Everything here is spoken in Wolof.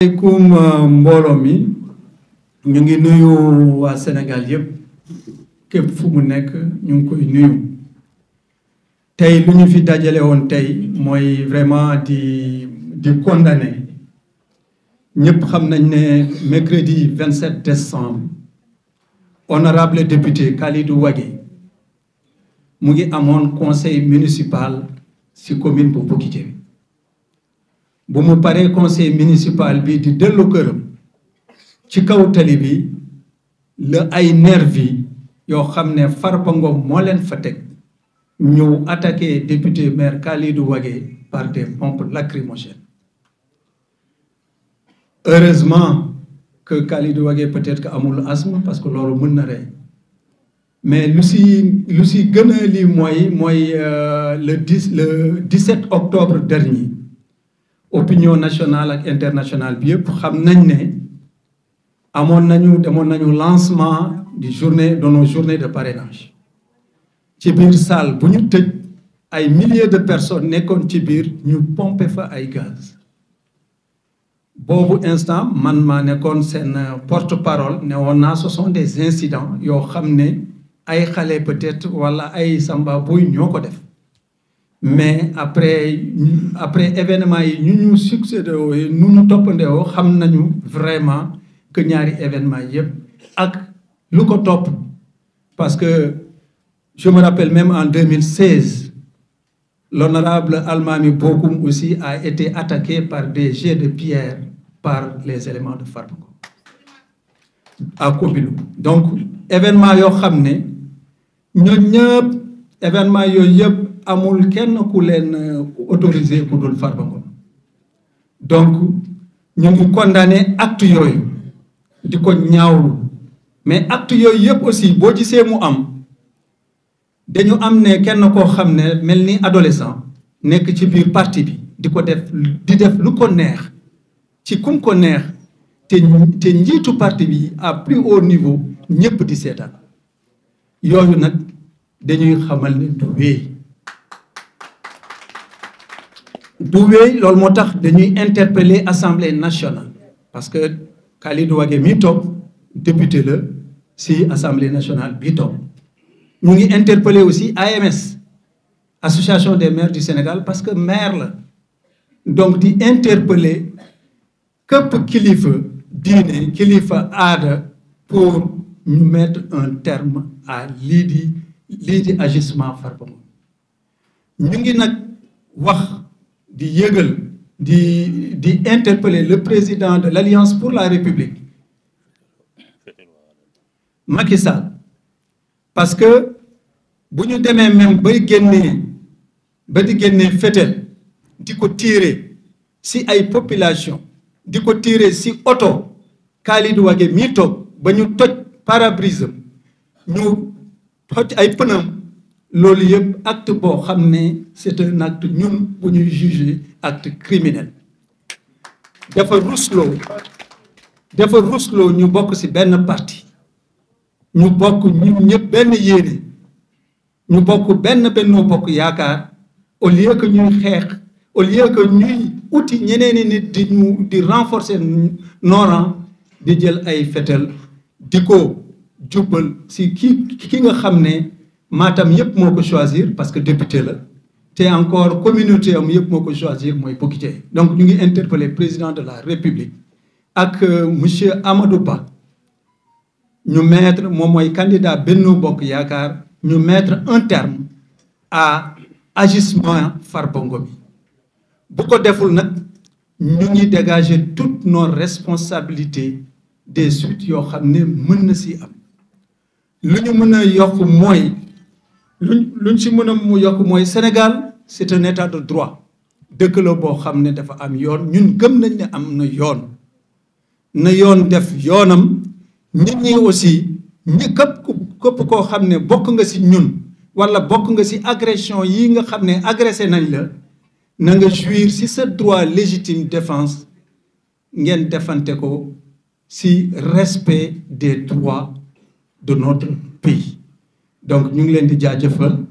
asalaamaaleykum euh, mbooloo mi ñu ngi nuyu waa Sénégal yëpp képp fu mu nekk ñu ngi koy nuyu tey lu ñu fi dajale woon tey mooy vraiment di di condamner ñëpp xam nañ ne mercredi 27 décembre honorable député Khalidou Wagué mu ngi amoon conseil municipal ci commune bu Bokidiawé bu mu paree conseil municipal bi di dellu këram ci kaw tali bi la ay nervi yoo xam ne Farba Ngom moo leen fa teg ñu attaqué député maire Khalidou Wagué par des pompes lacrymogènes heureusement que Khalidou wagee peut-être que amul asthme parce que loolu mën na rey mais lu si lu si gën a lii mooy mooy euh, le 10 le 17 octobre dernier opinion nationale ak internationale bi yëpp xam nañ ne amoon nañu demoon nañu lancement di journée dono nos de parrainage ci biir salle bu ñu tëj ay milliers de personnes nekkoon ci biir ñu pompe fa ay gaz boobu instant man maa nekkoon seen euh, porte parole ne woon naa ce sont des incidents yoo xam ne ay xale peut-être wala ay samba buy ñoo ko def mais après après événement yi ñu ñu succédé yi nu ñu toppandee woo xam nañu vraiment que ñaari événement yëpp ak lu ko topp parce que je me rappelle même en 2016 l'honorable Almami Bokoum aussi a été attaqué par des jets de pierre par les éléments de Farmaco à Kobilou donc événement yoo xam ne ñoo ñëpp événement yooyu yëpp amul kenn ku leen euh, autorisé ku dul Farba Ngom donc ñu ngi condamné acte yooyu di ko ñaawlu mais acte yooyu yëpp aussi boo gisee mu am dañu am ne kenn koo xam ne mel ni adolescent nekk ci biir parti bi di ko def di def lu ko neex ci kum ko neex te te njiitu parti bi à plus haut niveau ñëpp di seetaan yooyu nag dañuy xamal ne du wéy du wéy loolu moo tax dañuy interpeller assemblée nationale parce que Khalidou Wagué mi toog député la si assemblée nationale bii toog mu ngi interpeller aussi AMS association des maires du Sénégal parce que maire la donc di interpeller këpp kilifa diine kilifa aada pour ñu mettre un terme à lii di lii di agissement Farba moom ñu ngi nag wax di yëgal di di interpeller le président de l'Alliance pour la République makisa Sall parce que bu ñu demee même bay génnee ba di génnee fetel di ko tiire si ay population di ko tiire si oto Khalidou Wage mii toog ba ñu toj parabrisam ñu xocc ay pënam loolu yëpp acte boo xam ne c'est un acte ñun bu ñuy juger acte criminel dafa rusloo dafa rusloo ñu bokk ci benn parti ñu bokk ñun ñëpp benn yéene ñu bokk benn bennoo bokk yaakaar au lieu que ñuy xeex au lieu que ñuy uti ñeneen i nit di ñu di renforcer nos di jël ay fetel di ko jubbal si kii ki nga xam ne Matam yëpp moo ko choisir parce que député la te encore communauté am yëpp moo ko choisir mooy Bokidiaye donc ñu ngi interpeller président de la république ak euh, monsieur Amadou Ba ñu mettre moom mooy candidat Benno Bokk Yaakaar ñu mettre un terme à agissement Farba bi yi bu ko deful nag ñu ngi dégager toutes nos responsabilités des suites yoo xam ne mën na si am lu ñu mën a yokk mooy luñ luñ si mën a mu yokk mooy Sénégal c'est te état de droit dëkk la boo xam ne dafa am yoon ñun gëm nañ ne am na yoon na yoon def yoonam nit ñi aussi ñi këpp koo xam ne bokk nga si ñun wala bokk nga si agression yi nga xam ne agressé nañ la na nga jouir si sa droit légitime défense ngeen defante ko si respect des droits de notre pays donc ñu ngi leen di jaajëfal